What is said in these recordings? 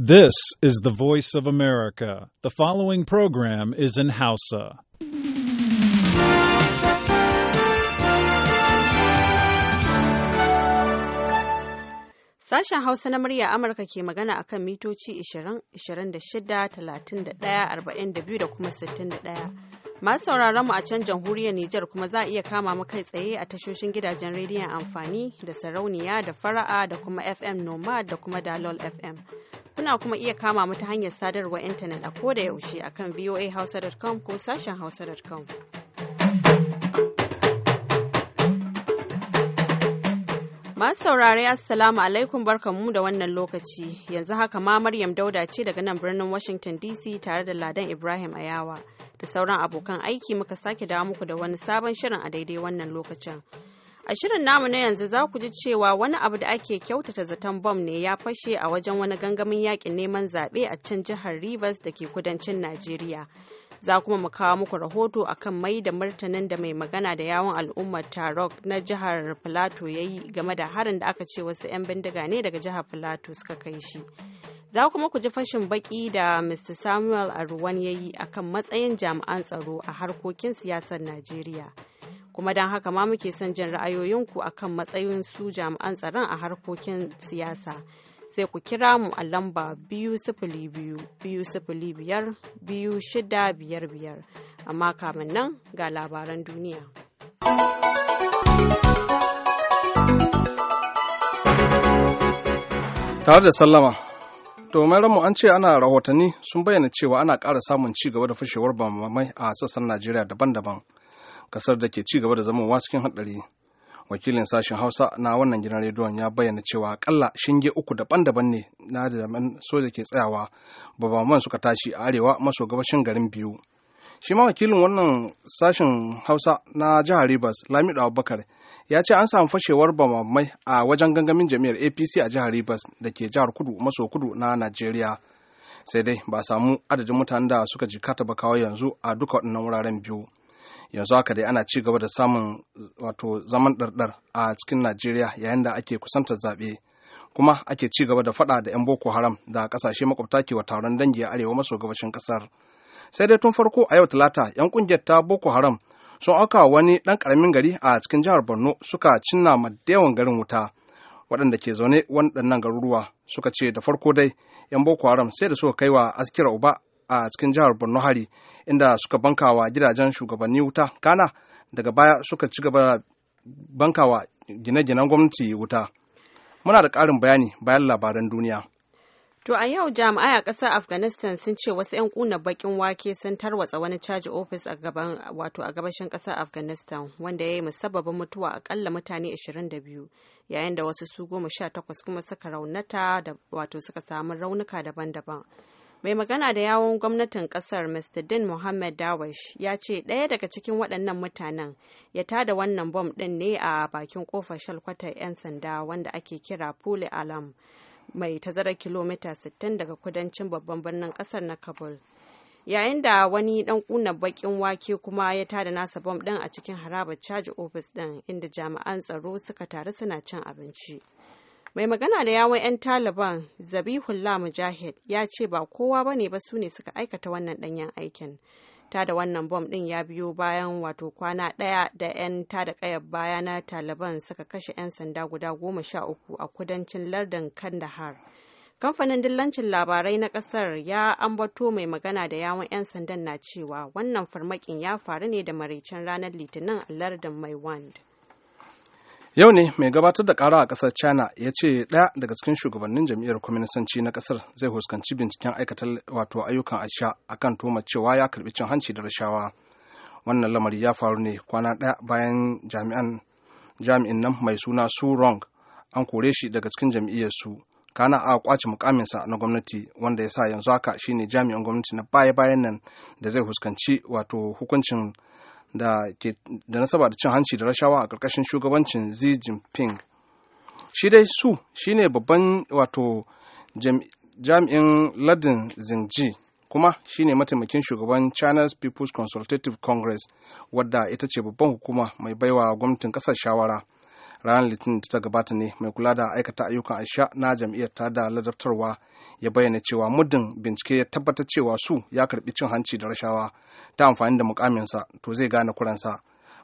This is the voice of America. The following program is in Hausa. Sashen Hausa na murya Amurka ke magana akan mitoci 20, 26, 31, 42 da kuma 61. Masu sauraron mu a can jamhuriyar Nijar kuma za a iya kama mu kai tsaye a tashoshin gidajen rediyon amfani da sarauniya da fara'a da kuma FM Nomad da kuma Dalol FM. Kuna kuma iya kama mu ta hanyar sadarwa intanet a koda yaushe a akan voahausa.com ko sashen hausa.com. Masu saurare Assalamu alaikum barkanmu da wannan lokaci. Yanzu haka ma Maryam Dauda ce daga nan birnin Washington DC tare da Ladan Ibrahim Ayawa. da sauran abokan aiki muka sake dawo muku da wani sabon shirin a daidai wannan lokacin. A shirin namu na yanzu za ku ji cewa wani abu da ake kyautata zaton bom ne ya fashe a wajen wani gangamin yakin neman zaɓe a can jihar Rivers da ke kudancin Najeriya. Za kuma mu kawo muku rahoto a kan mai da martanin da mai magana da yawon al'ummar Tarok na jihar Plateau ya yi game da harin da aka ce wasu 'yan bindiga ne daga jihar Plateau suka kai shi. Za kuma ku ji fashin baki da Mr. Samuel Aruwan ya yi akan matsayin jami'an tsaro a harkokin siyasar Najeriya. Kuma don haka ma muke son jin ra'ayoyinku akan matsayin su jami'an tsaron a harkokin siyasa. sai ku kira mu a lamba biyu sifili biyu biyu sifili biyar biyu shida biyar biyar amma kamin nan ga labaran duniya tare da sallama domin ranmu an ce ana rahotanni sun bayyana cewa ana ƙara samun ci gaba da fashewar bamamai a sassan najeriya daban-daban kasar da ke ci gaba da zaman cikin haɗari wakilin sashen hausa na wannan gidan rediyon ya bayyana cewa akalla shinge uku daban-daban ne na zaman soja ke tsayawa babaman suka tashi a arewa maso gabashin garin biyu shi ma wakilin wannan sashen hausa na jihar rivers lamido abubakar ya ce an samu fashewar bamamai a wajen gangamin jami'ar apc a jihar rivers da ke jihar kudu maso kudu na najeriya sai dai ba samu adadin mutanen da suka jikata ba kawo yanzu a duka waɗannan wuraren biyu yanzu haka dai ana ci gaba da samun wato zaman ɗarɗar a cikin najeriya yayin da ake kusantar zaɓe kuma ake ci gaba da faɗa da 'yan boko haram da ƙasashe makwabta ke wa taron dangi a arewa maso gabashin ƙasar sai dai tun farko a yau talata 'yan ƙungiyar ta boko haram sun auka wani ɗan ƙaramin gari a cikin jihar borno suka cinna ma garin wuta waɗanda ke zaune waɗannan garuruwa suka ce da farko dai yan boko haram sai da suka kai wa askira uba a cikin jihar borno hari inda suka bankawa gidajen shugabanni wuta kana daga baya suka ci gaba da bankawa gine-ginen gwamnati wuta muna da ƙarin bayani bayan labaran duniya To a yau jami'ai a ƙasar Afghanistan sun ce wasu 'yan kuna bakin wake sun tarwatsa wani caji ofis a gaban wato a gabashin ƙasar Afghanistan wanda ya yi musabbabin mutuwa akalla mutane 22 yayin da wasu su goma sha takwas kuma suka raunata da wato suka samu raunuka daban-daban. Mai magana da yawon gwamnatin ƙasar Mr. Din Mohammed Dawash ya ce ɗaya daga cikin waɗannan mutanen ya tada wannan bom ɗin ne a bakin kofar shalkwatar 'yan sanda wanda ake kira Pule Alam. mai tazarar kilomita 60 daga kudancin babban birnin kasar na kabul yayin da wani dan kuna bakin wake kuma ya tada nasa bom din a cikin harabar caji ofis din inda jami'an tsaro suka taru suna cin abinci mai magana da yawon 'yan taliban zabihullah mujahid ya ce ba kowa ne ba su ne suka aikata wannan danyen aikin tada wannan bom din ya biyo bayan wato kwana ɗaya da 'yan da kayar baya na taliban suka kashe 'yan sanda guda goma sha uku a kudancin lardin kandahar kamfanin dillancin labarai na kasar ya ambato mai magana da yawon 'yan sandan na cewa wannan farmakin ya faru ne da maraicen ranar litinin a lardin maiwand yau ne mai gabatar da kara a kasar china ya ce ɗaya daga cikin shugabannin jam'iyyar kwaminisanci na kasar zai huskanci binciken aikatar wato ayyukan asha akan tuhumar cewa ya karɓi cin hanci da rashawa wannan lamari ya faru ne kwana ɗaya bayan jami'an jami'in nan mai suna su rong an kore shi daga cikin jam'iyyarsu su kana a kwace mukaminsa na gwamnati wanda ya sa yanzu haka shine jami'in gwamnati na baya-bayan nan da zai huskanci wato hukuncin da ke da nasaba da cin hanci da rashawa a ƙarƙashin shugabancin Xi Jinping. Shi dai su shine babban wato jami'in ladin Zingji kuma shine mataimakin shugaban China's People's Consultative Congress wadda ita ce babban hukuma mai baiwa gwamnatin ƙasar shawara. ranar litinin ta gabata ne mai kula da aikata ayyukan aisha na jam'iyyar ta da ladabtarwa ya bayyana cewa muddin bincike ya tabbata cewa su ya karbi cin hanci da rashawa ta amfani da mukaminsa to zai gane kuransa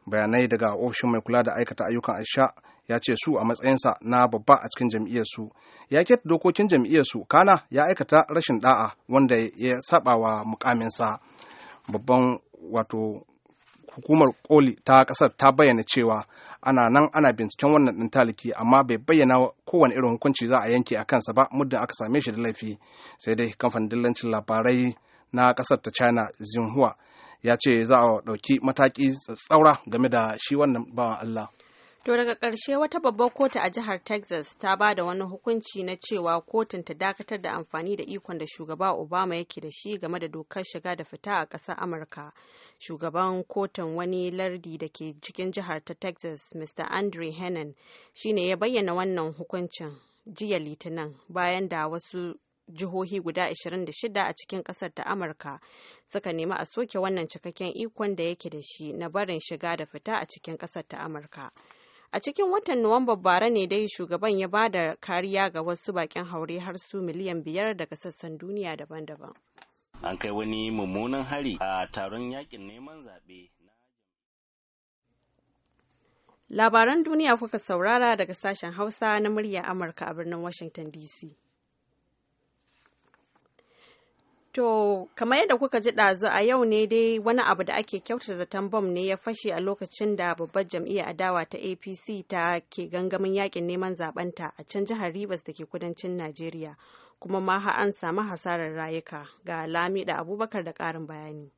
bayanai daga ofishin mai kula da aikata ayyukan aisha ya ce su a matsayinsa na babba a cikin jam'iyyarsu ya keta dokokin su kana ya aikata rashin da'a wanda ya saba wa mukaminsa babban wato hukumar koli ta kasar ta bayyana cewa ana nan ana binciken wannan ɗin taliki amma bai bayyana kowane irin hukunci za a yanke a kansa ba muddin aka same shi da laifi sai dai kamfanin dillancin labarai na ƙasar ta china xinhua ya ce za a ɗauki mataki tsatsaura game da shi wannan bawan allah To daga karshe wata babbar kotu a jihar Texas ta ba da wani hukunci na cewa kotun ta dakatar da amfani da ikon da shugaba Obama yake da shi game da dokar shiga da fita a kasar Amurka. Shugaban kotun wani lardi da ke cikin jihar ta Texas, Mr. Andre shi ne ya bayyana wannan hukuncin jiya Litinin bayan da wasu jihohi guda 26 a cikin kasar ta amurka suka nemi a soke wannan cikakken ikon da yake da shi na barin shiga da fita a cikin kasar ta amurka A cikin watan Nuwamba bara ne dai shugaban ya ba da kariya ga wasu bakin haure har su miliyan biyar daga sassan duniya daban-daban. An kai wani mummunan hari a taron yakin neman zaɓe. Labaran duniya kuka saurara daga sashen Hausa na murya Amurka a birnin Washington DC. To, kamar yadda kuka ji ɗazu a yau ne dai wani abu da ake kyautata zaton bom ne ya fashe a lokacin da babbar jam'iyyar adawa ta APC ta ke gangamin yakin neman zabanta a can jihar Rivers da ke kudancin Najeriya, kuma ma an samu hasarar rayuka ga Lami da Abubakar da ƙarin bayani.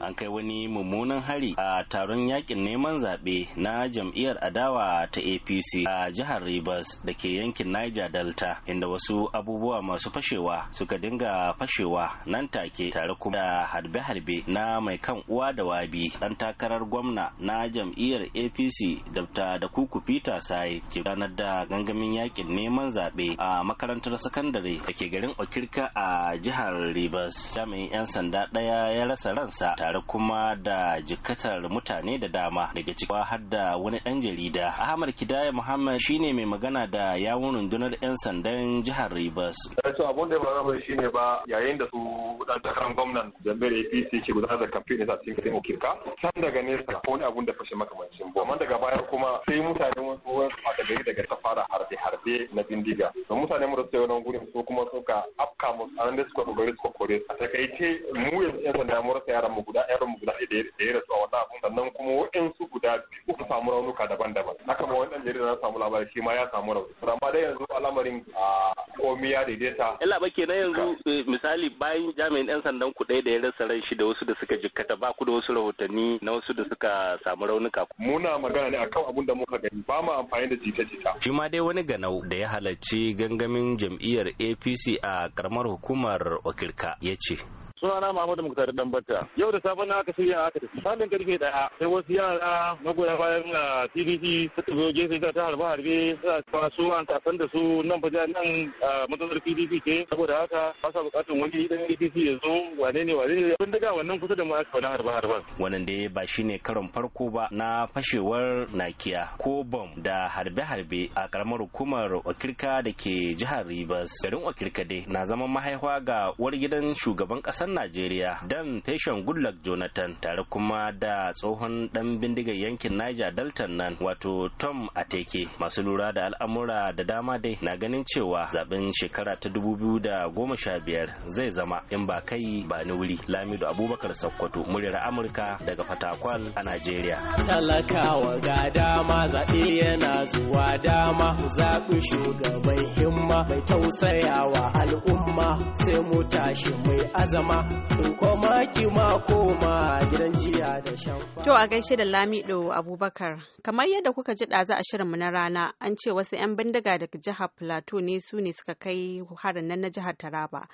an kai wani mummunan hari a taron yakin neman zaɓe na jam'iyyar adawa ta apc a jihar rivers da ke yankin niger delta inda wasu abubuwa masu fashewa suka dinga fashewa nan take tare kuma da harbe-harbe na mai kan uwa da wabi ɗan takarar gwamna na jam'iyyar apc dabta da kuku peter sai ke ranar da gangamin yakin neman zaɓe a makarantar sakandare da ke garin okirka a jihar rivers jami'in 'yan sanda ɗaya ya rasa ransa tare kuma da jikatar mutane da dama daga cikin har da wani ɗan jarida ahmad kidaya muhammad shine mai magana da yawun rundunar 'yan sandan jihar rivers eh, to abun da ba shine ba yayin da su dan takarar gwamnan da jam'iyyar APC ke gudanar da kamfe ne za a cikin garin Okirka san daga nesa ko wani abun da fashe makamancin ba amma daga baya kuma sai mutane wani a gari daga ta fara harbe-harbe na bindiga da mutane mu da suka yi gurin su kuma suka afka mu a nan da suka dogari suka kore a takaice mu yanzu yan sanda mu rasa yaran mu guda yaran mu guda ɗaya da ya rasu a wannan abun sannan kuma waɗansu guda biyu su samu raunuka daban-daban haka ma wani ɗan jarida na samu labari shi ma ya samu raunuka amma dai yanzu al'amarin a ah, komi ya daidaita. Yalla ba kenan yanzu eh, misali bayan jami'a jami'in 'yan sandan ku ɗaya da ya rasa ran shi da wasu da suka jikkata ba ku da wasu rahotanni na wasu da suka samu raunuka. Muna magana ne akan abun da muka gani ba mu amfani da jita-jita. Shi ma dai wani ganau da ya halarci gangamin jam'iyyar APC a karamar hukumar Okirka ya ce sunana Muhammadu Muktar danbata. Yau da safe na aka shirya aka tafi. Salin karfe daya sai wasu yara magoya bayan ah, TVC TBC suka zo gefe ta harba harbe suna cewa an tafan da su nan fa nan ah, matsalar PDP ke saboda haka ba sa bukatun wani dan APC ya zo wane ne wane ne sun daga wannan kusa da mu aka wani harba harban. Wannan dai ba shine karon farko ba na fashewar nakiya ko bom da harbe-harbe a karamar hukumar Okirka da ke jihar Rivers. Garin Okirka dai na zama mahaifa ga uwar gidan shugaban ƙasar? ƙasar Najeriya dan Fashion Goodluck Jonathan tare kuma da tsohon dan bindigar yankin Niger Delta nan wato Tom Ateke masu lura da al'amura da dama dai na ganin cewa zaben shekara ta 2015 zai zama in ba kai ba ni wuri Lamido Abubakar Sokoto muryar Amurka daga Fatakwal a Najeriya. Talakawa ga dama zaɓe yana zuwa dama zaɓi shugaban himma mai tausayawa al'umma sai mu tashi mai azama in koma ki koma gidan jiya da shamfa. To a gaishe da Lamido Abubakar, kamar yadda kuka ji ɗazu a shirinmu na rana an ce wasu 'yan bindiga daga jihar Plateau ne su ne suka kai harin nan na jihar Taraba.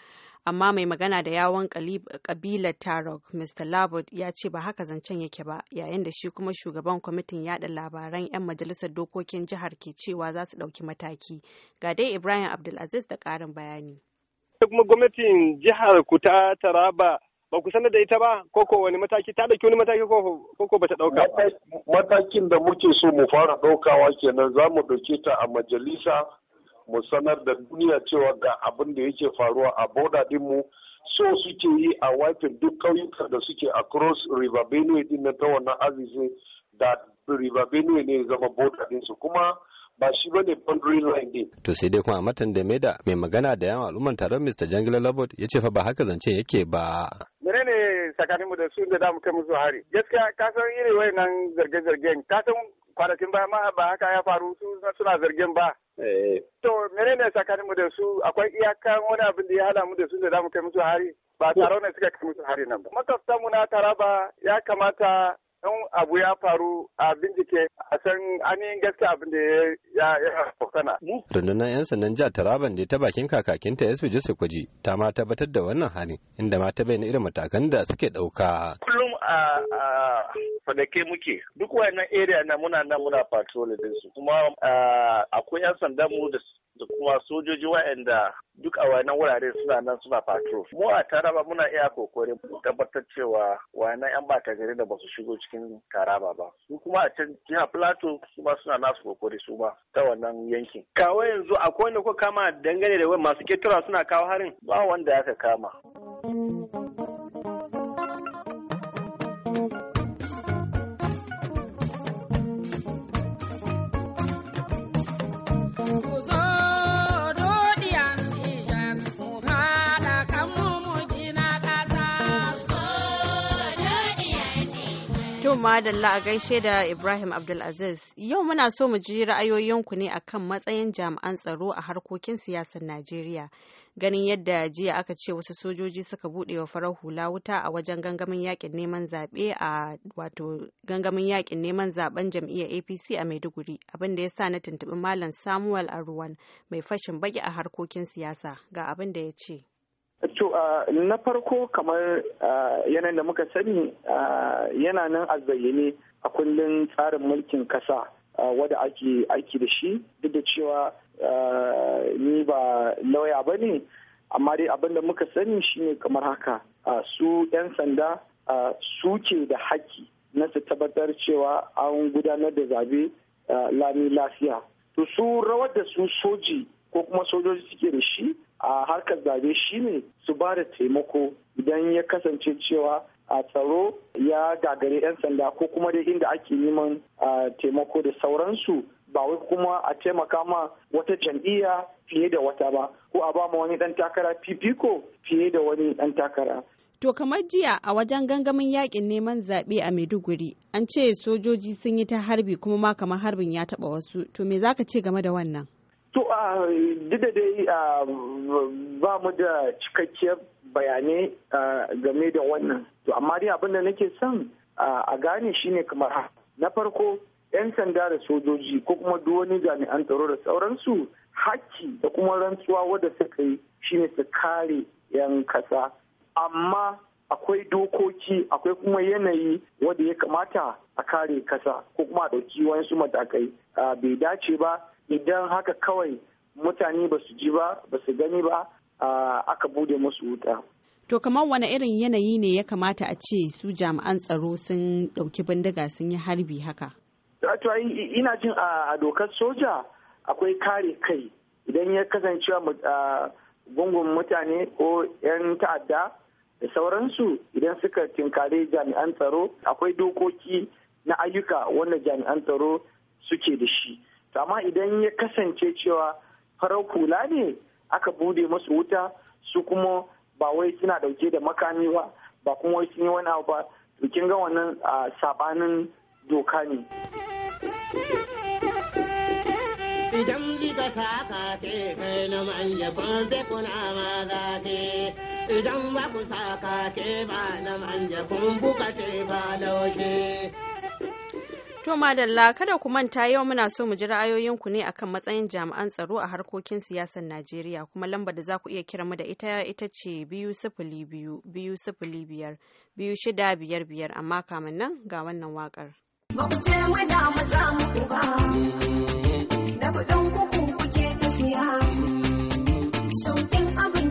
Amma mai magana da yawon ƙabilar Tarok, Mr. Labud ya ce ba haka zancen yake ba, yayin da shi kuma shugaban kwamitin yada labaran 'yan majalisar dokokin jihar ke cewa za su ɗauki mataki. Ga dai Ibrahim Abdulaziz da ƙarin bayani. kuma gwamnatin jihar ku ta Taraba ba ku sanar da ita ba ko ko wani mataki ta dauki wani mataki ko ko bata dauka matakin da muke so mu fara daukawa kenan za mu dauke ta a majalisa mu sanar da duniya cewa ga abin da yake faruwa a boda dinmu so suke yi a wafin duk kauyuka da suke a cross river benue din na ta wannan azizi da river benue ne zama boda dinsu kuma ba shi ba ne boundary line din. To sai dai kuma matan da da mai magana da yawan al'umman taron Mr. Jangila Labot ya ce fa ba haka zance yake ba. Menene tsakanin mu da su da damu kai musu hari? Gaskiya ka san irin wayannan zarge-zargen ka san kwanakin baya ma ba haka ya faru su suna zargen ba. Eh. To menene tsakanin mu da su akwai iyakan wani abin da ya hada mu da su da damu kai musu hari? Ba taron ne suka kai musu hari nan ba. Matafta mu na Taraba ya kamata don abu ya faru a bincike a san ainihin gaske abin da ya sana. Rundunar 'yan sandan jihar Taraban da ta bakin kakakinta SP Joseph Kwaji ta ma tabbatar da wannan halin inda ma ta bayyana irin matakan da suke ɗauka. Kullum a fadake muke duk wayannan area na muna nan muna patrol din su kuma akwai 'yan sandan mu da da kuma sojoji waɗanda duk a wannan wurare suna nan suna patro. Mu a Taraba muna iya kokarin tabbatar cewa wayannan 'yan bata gari da basu shigo cikin Taraba ba. Su kuma a can jiha plato kuma suna nasu kokari su ma ta wannan yankin. Kawai yanzu akwai wanda ko kama dangane da masu ketura suna kawo harin? Ba wanda aka kama. To madalla a gaishe da Ibrahim Abdulaziz. Yau muna so mu ji ra'ayoyinku ne akan matsayin jami'an tsaro a harkokin siyasar Najeriya. Ganin yadda jiya aka ce wasu sojoji suka buɗe wa farar hula wuta a wajen gangamin yakin neman zaɓe a wato gangamin yakin neman zaben jam'iyyar APC a Maiduguri abin da ya sa na tuntuɓi Malam Samuel Aruwan mai fashin baki a harkokin siyasa ga abin da ya ce. To na farko kamar yanayin da muka sani yana nan a zayyane a kullum tsarin mulkin kasa wadda ake aiki da shi duk da cewa ni ba lauya ba ne amma dai abin da muka sani shi ne kamar haka su 'yan sanda su ke da haƙƙi na su tabbatar cewa an gudanar da zabe lami lafiya to su rawar da su soji ko kuma sojoji suke da shi a harkar zabe ne su ba da taimako idan ya kasance cewa a tsaro ya gagare 'yan sanda ko kuma dai inda ake neman taimako da sauransu ba wai kuma a taimaka ma wata jam'iyya fiye da wata ba ko a ba ma wani dan takara fifiko fiye da wani dan takara To kamar jiya a wajen gangamin yakin neman zaɓe a Maiduguri, an ce sojoji sun yi ta harbi kuma ma kamar harbin ya taɓa wasu. To me zaka ce game da wannan? To a duk da dai ba mu da cikakkiyar bayanai game da wannan. To amma dai abin da nake son a gane shine kamar na farko 'yan sanda da sojoji ko kuma duk wani jami'an tsaro da sauransu hakki da kuma rantsuwa wadda suka yi shine su kare 'yan kasa. Amma akwai dokoki akwai kuma yanayi wadda ya kamata a kare kasa ko kuma a ɗauki wasu matakai bai dace ba idan haka kawai mutane ba su ji ba ba su gani ba aka bude musu wuta to kamar wani irin yanayi ne ya kamata a ce su jami'an tsaro sun ɗauki bindiga sun yi harbi haka to ina jin a dokar soja akwai kare kai idan ya kasancewa gungun mutane ko 'yan ta'adda da sauransu idan suka tinkare jami'an tsaro akwai dokoki na ayyuka wanda jami'an tsaro suke da shi amma idan ya kasance cewa farar kula ne aka bude masu wuta su kuma ba wai suna dauke da makami ba ba kuma wai sun yi wani abu ba to kin ga wannan sabanin doka ne idan jika ta kace kai na manya kun ke idan ba ku sa ke ba na manja kun buka ce ba laushe To madalla kada ku manta yau muna so mu ji ra'ayoyinku ne akan matsayin jami'an tsaro a harkokin siyasar Najeriya kuma lambar da za ku iya kira mu da ita ita ce biyu sifili biyu biyu sifili biyar biyu shida biyar biyar amma kamin nan ga wannan wakar. Ba abu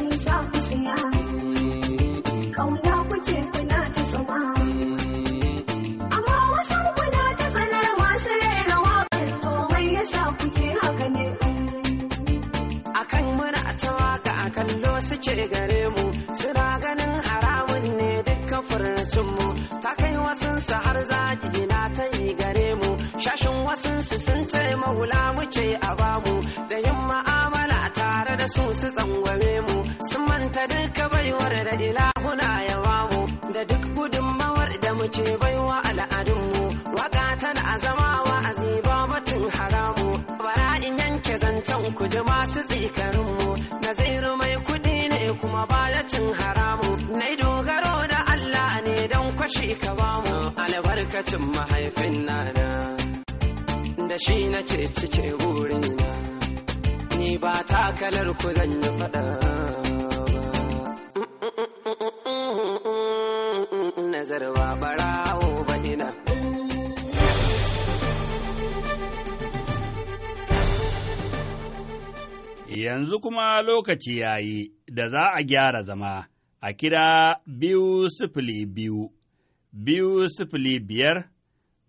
suke gare mu suna ganin haramun ne dukkan furnacinmu mu ta kai wasunsu har zaki na ta yi gare mu shashin wasunsu sun ce maula muke a mu da yin ma'amala tare da su su tsangwame mu sun manta duka baiwar da ilahuna ya mu da duk gudunmawar da muke baiwa al'adunmu waka tana zama wa'azi ba batun haramu bara in yanke zancen ku ji masu tsikarinmu na zai mai kuma baya cin haramu na dogaro da Allah ne don kwashe ka bamu albarkacin mahaifin nana da shi na nake cike burina ni ba takalar ku zan yi faɗa nazar ba barawo ba ina Yanzu kuma lokaci ya yi da za a gyara zama a kira biyu sifili biyu, biyu sifili biyar,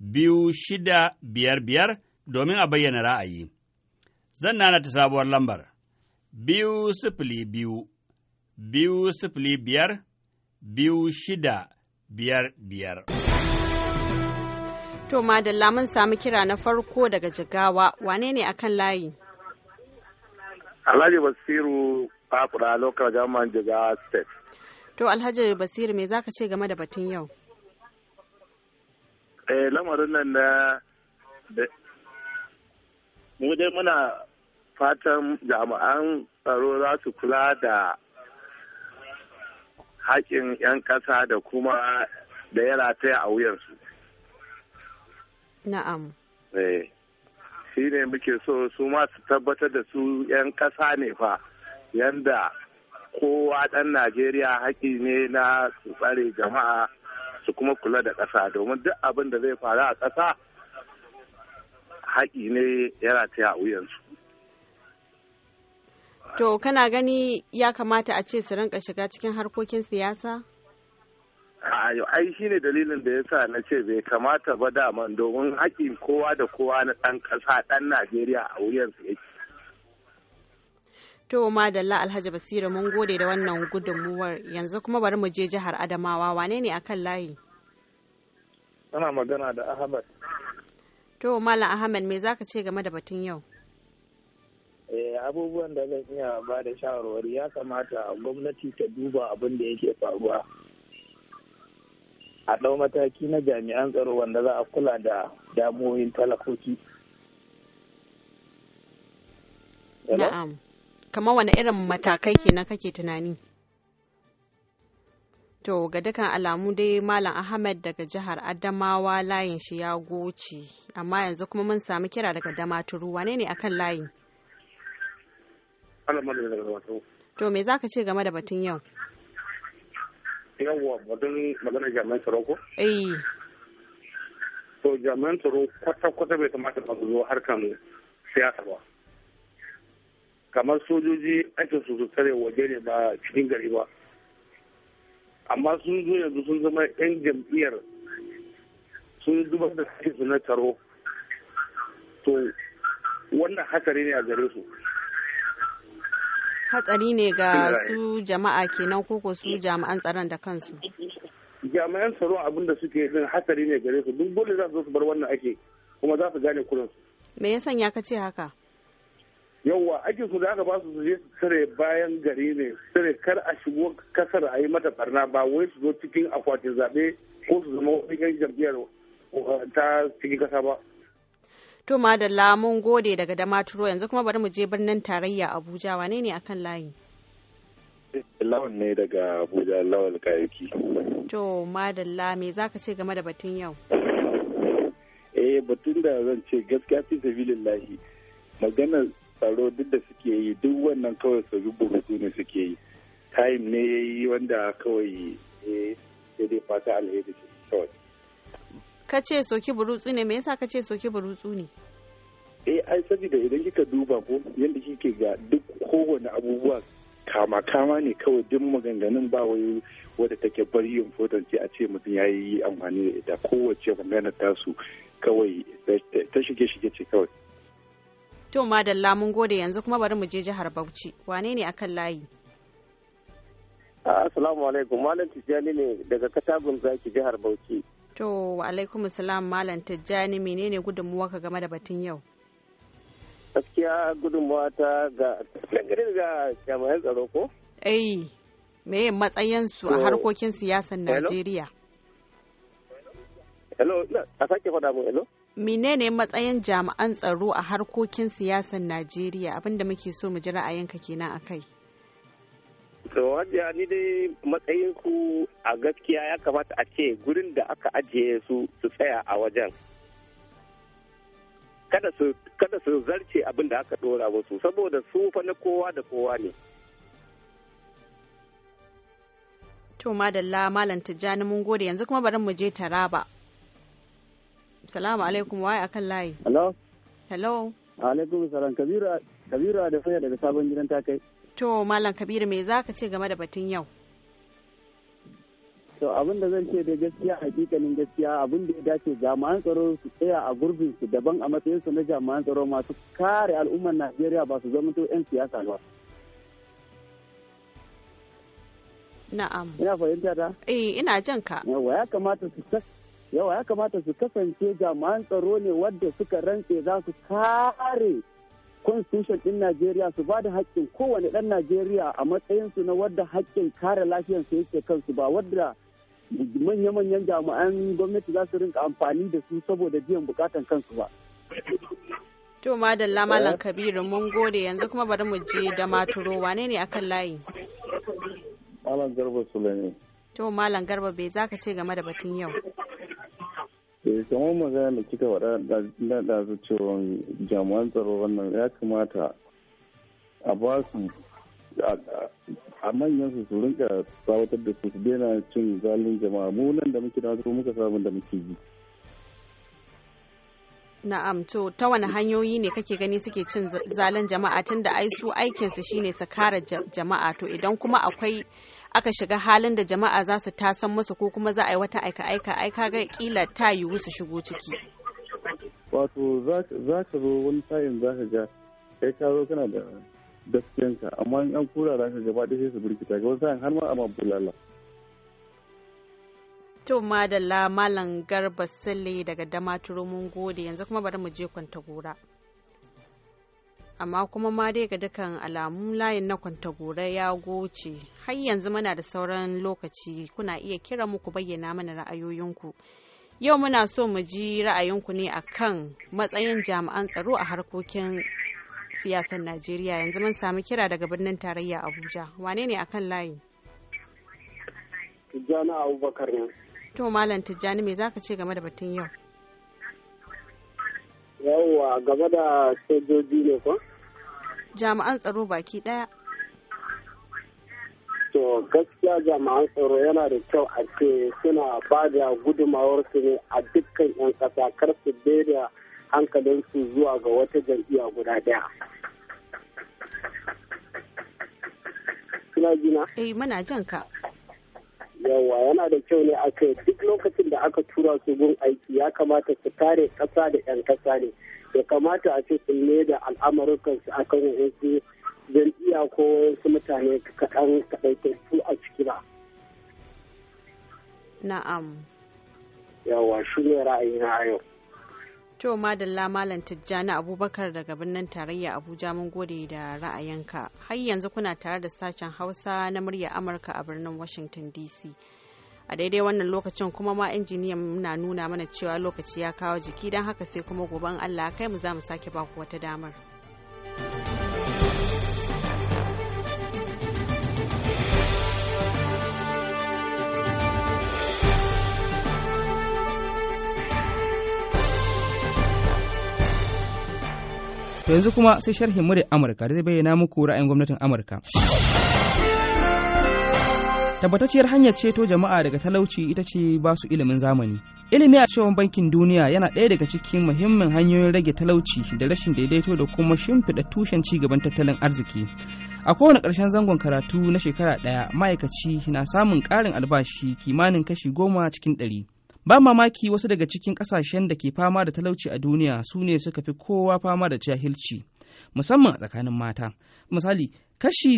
biyu shida biyar biyar domin a bayyana ra'ayi. Zan nana ta sabuwar lambar, biyu sifili biyu, biyu sifili biyar, biyu shida biyar biyar. To, Madalla mun sami kira na farko daga Jigawa, wane ne akan layi? Alhaji Basiru Fafura Local Government Jiga State. To Alhaji Basiru me zaka ce game da batun yau? Eh lamarin nan na mu dai muna fatan jami'an tsaro za su kula da haƙƙin 'yan ƙasa da kuma da ya rataya a wuyansu. Na'am. Eh. shi ne muke so su ma su tabbatar da su 'yan ƙasa ne fa yanda kowa ɗan najeriya haƙi ne na su tsare jama'a su kuma kula da ƙasa domin duk abin da zai faru a ƙasa haƙi ne yana ta wuyansu to kana gani ya kamata a ce su rinka shiga cikin harkokin siyasa Ayo, ai shi ne dalilin da ya sa na ce bai kamata ba daman domin haƙƙin kowa da kowa na ɗan ƙasa ɗan Najeriya a wuyansu yake. To Madalla Alhaji basira mun gode da wannan gudunmuwar yanzu kuma bari mu je jihar Adamawa wane ne akan layi? Ana magana da Ahmad. To Malam Ahmad me zaka ce game da batun yau? Eh abubuwan da zan iya ba da shawarwari ya kamata gwamnati ta duba abin da yake faruwa. a ɗau mataki na jami'an tsaro wanda za a kula da damuwoyin talakoki. Na'am, kamar wani irin matakai kenan kake tunani? To ga dukan alamu dai Malam Ahmed daga jihar Adamawa layin shi ya goce, amma yanzu kuma mun sami kira daga Damaturu wane ne akan layin? To me za ka ce game da batun yau? yawwa wajen magana jami'an tsaro ko? Eh. To jami'an tsaro kwata-kwata bai kamata ba su zo harkan siyasa ba. Kamar sojoji aikin su su tsare waje ne ba cikin gari ba. Amma sun zo yanzu sun zama 'yan jam'iyyar sun zubar da su na tsaro. To wannan hatsari ne a gare su. hatsari ne ga su jama'a kenan koko su jami'an tsaron da kansu jami'an tsaro abinda da suke din hatsari ne gare su duk dole za su zo su bar wannan ake kuma za su gane su me ya sanya ka ce haka yawwa aikin su da aka ba su su je tsare bayan gari ne tsare kar a shigo kasar a yi mata barna ba wai su zo cikin akwatin zaɓe ko su zama wani jam'iyyar uh, ta cikin kasa ba To madalla mun gode daga Damaturo yanzu kuma bari mu je birnin tarayya Abuja wane ne akan layi? Lawan ne daga Abuja Lawal Kayaki. To madalla me ka ce game da batun yau? Eh batun da zan ce gaskiya fi sabilillahi maganar tsaro duk da suke yi duk wannan kawai su rubutu ne suke yi. Time ne ya yi wanda kawai ya eh, dai fata alheri kawai. ka ce soki burutsu ne me yasa ka ce soki burutsu ne eh ai saboda idan kika duba ko yadda kike ga duk kowane abubuwa kama kama ne kawai duk maganganun ba wai wadda take bari important ce a ce mutum ya yi amfani da ita kowace magana tasu kawai ta shige shige ce kawai to madalla mun gode yanzu kuma bari mu je jihar Bauchi wane ne akan layi ah, Assalamu alaikum Malam Tijjani ne daga Katagun Zaki jihar Bauchi To wa alaikum salam Malam Tijjani menene gudunmuwa ka game da batun yau? Gaskiya gudunmuwa ta ga dangane ga jami'an tsaro ko? Eh, meye matsayinsu a harkokin siyasar Najeriya? Hello, a sake faɗa mu hello? Menene matsayin jami'an tsaro a harkokin siyasar Najeriya abinda muke so mu ji ra'ayinka kenan a kai? To hajiya ni dai matsayinku a gaskiya ya kamata a ce gurin da aka ajiye su su tsaya a wajen. Kada su zarce abin da aka dora musu saboda su fa na kowa da kowa ne. To madalla malam Tijjani mun gode yanzu kuma bari mu je Taraba. Salamu alaikum waye kan layi. Hello. Hello. Alaikum salam Kabiru da faya daga sabon gidan takai. To Malam Kabiru me za ka ce game da batun yau? To abin da zan ce da gaskiya hakikanin gaskiya abin da ya dace jami'an tsaro su tsaya a gurbin su daban a matsayin su na jami'an tsaro masu kare al'ummar Najeriya ba su zama to 'yan siyasa ba. Na'am. Ina fahimta ta? Eh, ina jan ka. Yawa ya kamata su yawa ya kamata su kasance jami'an tsaro ne wadda suka rantse za su kare constitution din Najeriya su ba da haƙƙin kowane ɗan Najeriya a matsayin su na wadda hakkin kare su yake kansu ba wadda manya-manyan jami'an gwamnati za su rinka amfani da su saboda biyan bukatan kansu ba. To madalla malam Kabiru mun gode yanzu kuma bari mu je da maturo wane ne akan layi? Malam Garba Sulaimi. To malam Garba bai zaka ce game da batun yau. eh kamar magana da kika faɗa na ɗazu cewa jami'an tsaro wannan ya kamata a ba su a manyan su su rinka tsawatar da su su daina cin zalin jama'a mu nan da muke na muka samu da muke yi Na'am, to ta wani hanyoyi ne kake gani suke cin zalin jama'a tunda ai su aikinsu shine su kare jama'a to idan kuma akwai aka shiga halin da jama'a za su tasan musu ko kuma za a yi wata aika-aika aika ga kila ta yiwu su shigo ciki. Wato za ka zo wani sa'in za ka ga kai ka zo kana da gaskiyanka amma in an kura za ka gaba ɗaya sai su birkita ga wani sa'in har ma a bulala. To madalla Malam Garba Sule daga Damaturu mun gode yanzu kuma bari mu je kwanta gora. amma kuma ma dai ga dukkan alamun layin na kwantagora ya goce har yanzu muna da sauran lokaci kuna iya kira muku bayyana mana ra'ayoyinku yau muna so mu ji ra'ayinku ne a kan matsayin jami'an tsaro a harkokin siyasar najeriya yanzu mun sami kira daga birnin tarayya abuja wane ne akan layi tijjani abubakar ne to malam tijjani me zaka ce game da batun yau yawwa gaba da sojoji ne ko jami'an tsaro baki daya to gaskiya jami'an tsaro yana da kyau a ce suna ba da gudumawarsu ne a dukkan 'yan ƙasa kar su da hankalinsu zuwa ga wata jam'iyya guda daya suna jina eh muna jan ka yawa yana da kyau ne aka duk lokacin da aka tura su gun aiki ya kamata su kare kasa da 'yan kasa ne ya kamata a ce sun ne da al'amuran kansu akan wasu jam'iyya ko wasu mutane kaɗan su a ciki ba. Na'am. Yawa shi ne ra'ayi na yau. To madalla Malam Tijjani Abubakar daga birnin tarayya Abuja mun gode da ra'ayinka. Har yanzu kuna tare da sashen Hausa na murya Amurka a birnin Washington DC. A daidai wannan lokacin kuma ma injiniyan na nuna mana cewa lokaci ya kawo jiki don haka sai kuma gobe Allah kai mu za mu sake baku wata damar. To yanzu kuma sai sharhin muryar Amurka da zai bayyana muku ra'ayin gwamnatin Amurka. Tabbatacciyar hanyar ceto jama'a daga talauci ita ce ba su ilimin zamani. Ilimi a cewan bankin duniya yana ɗaya daga cikin muhimmin hanyoyin rage talauci da rashin daidaito da kuma shimfiɗa tushen ci gaban tattalin arziki. A kowane ƙarshen zangon karatu na shekara ɗaya ma'aikaci na samun ƙarin albashi kimanin kashi goma cikin ɗari. ba mamaki wasu daga cikin ƙasashen da ke fama da talauci a duniya su ne suka fi kowa fama da jahilci musamman a tsakanin mata misali kashi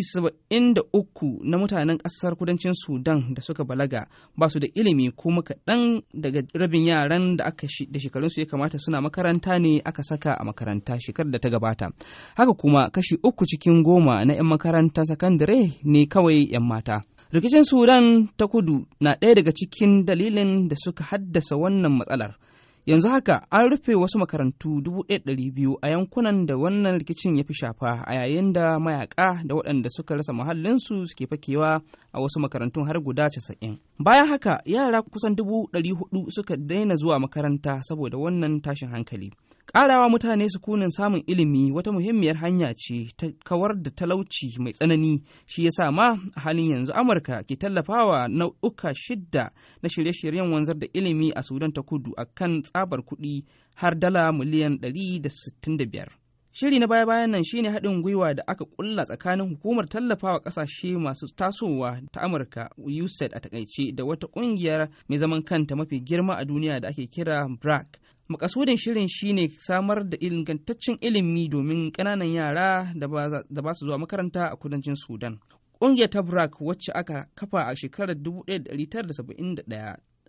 da uku na mutanen ƙasar kudancin sudan da suka balaga ba su da ilimi kuma kaɗan daga rabin yaran da aka da shekarunsu ya kamata suna makaranta ne aka saka a makaranta shekarar da ta gabata haka kuma kashi uku cikin goma na 'yan makaranta sakandare ne kawai 'yan mata rikicin sudan ta kudu na ɗaya daga cikin dalilin da suka haddasa wannan matsalar yanzu haka an rufe wasu makarantu 1,200 a yankunan da wannan rikicin ya fi shafa a yayin da mayaka da waɗanda suka rasa muhallinsu suke fakewa a wasu makarantun har guda 90 bayan haka yara kusan 400 suka daina zuwa makaranta saboda wannan tashin hankali Ƙarawa mutane sukunin samun ilimi wata muhimmiyar hanya ce ta kawar da talauci mai tsanani shi ya sa ma a halin yanzu Amurka ke tallafawa nau'uka shidda na shirye-shiryen wanzar da ilimi a Sudan ta kudu a kan tsabar kuɗi har dala miliyan 165. Shiri na baya-bayan nan shine haɗin gwiwa da aka ƙulla tsakanin hukumar tallafawa ƙasashe masu tasowa ta Amurka USAID a takaice da wata ƙungiyar mai zaman kanta mafi girma a duniya da ake kira BRAC makasudin shirin shine samar da ingantaccen ilimi domin ƙananan yara da ba su zuwa makaranta a kudancin sudan ƙungiyar ta wacce aka kafa a shekarar 1971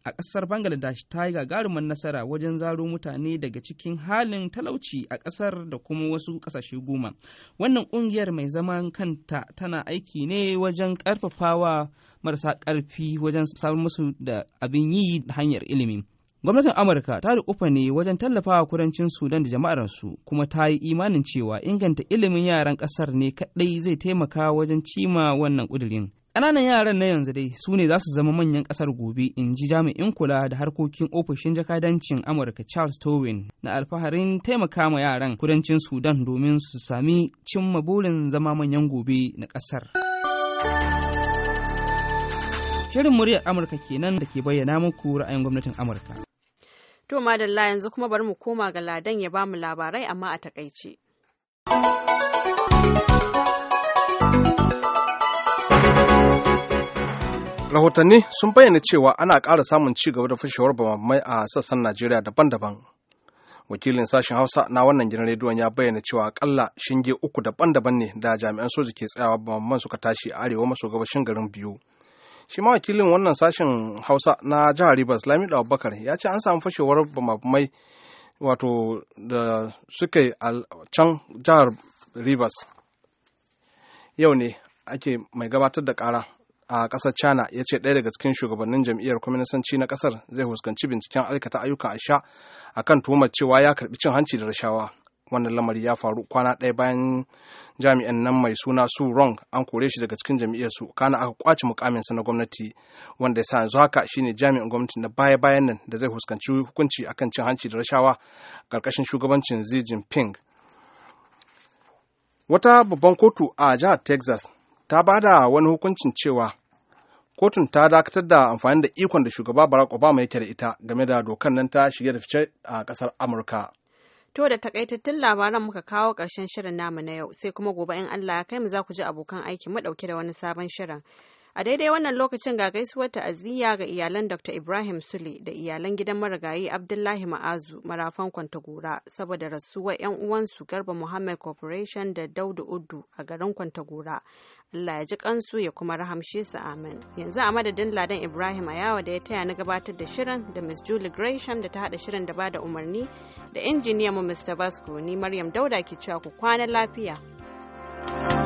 a ƙasar bangladesh ta yi gagarumin nasara wajen zaro mutane daga cikin halin talauci a ƙasar da kuma wasu ƙasashe goma wannan ƙungiyar mai zaman kanta tana aiki ne wajen ƙarfafawa marasa ƙarfi wajen samar musu da abin yi hanyar ilimi Gwamnatin Amurka ta rikufa ne wajen tallafawa kudancin Sudan da jama'arsu kuma ta yi imanin cewa inganta ilimin yaran ƙasar ne kaɗai zai taimaka wajen cima wannan ƙudurin. Ƙananan yaran na yanzu dai su ne za su zama manyan ƙasar gobe in ji jami'in kula da harkokin ofishin jakadancin Amurka Charles Towin na alfaharin taimaka ma yaran kudancin Sudan domin su sami cimma burin zama manyan gobe na ƙasar. Shirin muryar Amurka kenan da ke bayyana muku ra'ayin gwamnatin Amurka. To madalla yanzu kuma bari mu koma ga ladan ya bamu labarai amma a takaice. Rahotanni sun bayyana cewa ana ƙara samun ci gaba da fashewar bamamai a sassan Najeriya daban-daban. Wakilin sashen Hausa na wannan gidan rediyon ya bayyana cewa akalla shinge uku daban-daban ne da jami'an soja ke tsayawa bamamman suka tashi a arewa maso gabashin garin biyu. shi ma wakilin wannan sashen hausa na jihar rivers lamido abubakar ya ce an samu fashewar bamabumai wato da suka yi a can jihar rivers yau ne ake mai gabatar da kara a kasar china ya ce ɗaya daga cikin shugabannin jam'iyyar kwaminisanci na ƙasar zai fuskanci binciken aikata ayyukan asha a kan tuhumar cewa ya karɓi cin hanci da rashawa wannan lamari ya faru kwana ɗaya bayan jami'an nan mai suna su rong an kore shi daga cikin su kana aka kwace mukaminsa na gwamnati wanda ya sa yanzu haka shine jami'an gwamnati na baya bayan nan da zai fuskanci hukunci akan cin hanci da rashawa karkashin shugabancin xi jinping wata babban kotu a jihar texas ta bada wani hukuncin cewa kotun ta dakatar da amfani da ikon da shugaba barack obama yake da ita game da dokar nan ta shige da fice a kasar amurka To da takaitattun labaran muka kawo ƙarshen shirin namu na yau sai kuma gobe in Allah ya kai mu za ku ji abokan aiki mu ɗauke da wani sabon shirin. A daidai wannan lokacin ga gaisuwar ta'aziyya ga iyalan Dr. Ibrahim Sule da iyalan gidan marigayi Abdullahi Ma'azu marafan Kwantagora saboda rasuwar 'yan uwansu Garba Muhammad Corporation da Daudu Udu a garin Kwantagora. Allah ya ji kansu ya kuma rahamshe su amin. Yanzu a madadin Ladan Ibrahim Ayawa da ya taya na gabatar da shirin da Miss Julie Gresham da ta hada shirin da bada umarni da injiniyan mu Mr. Vasco ni Maryam Dauda ke cewa ku kwana lafiya. thank you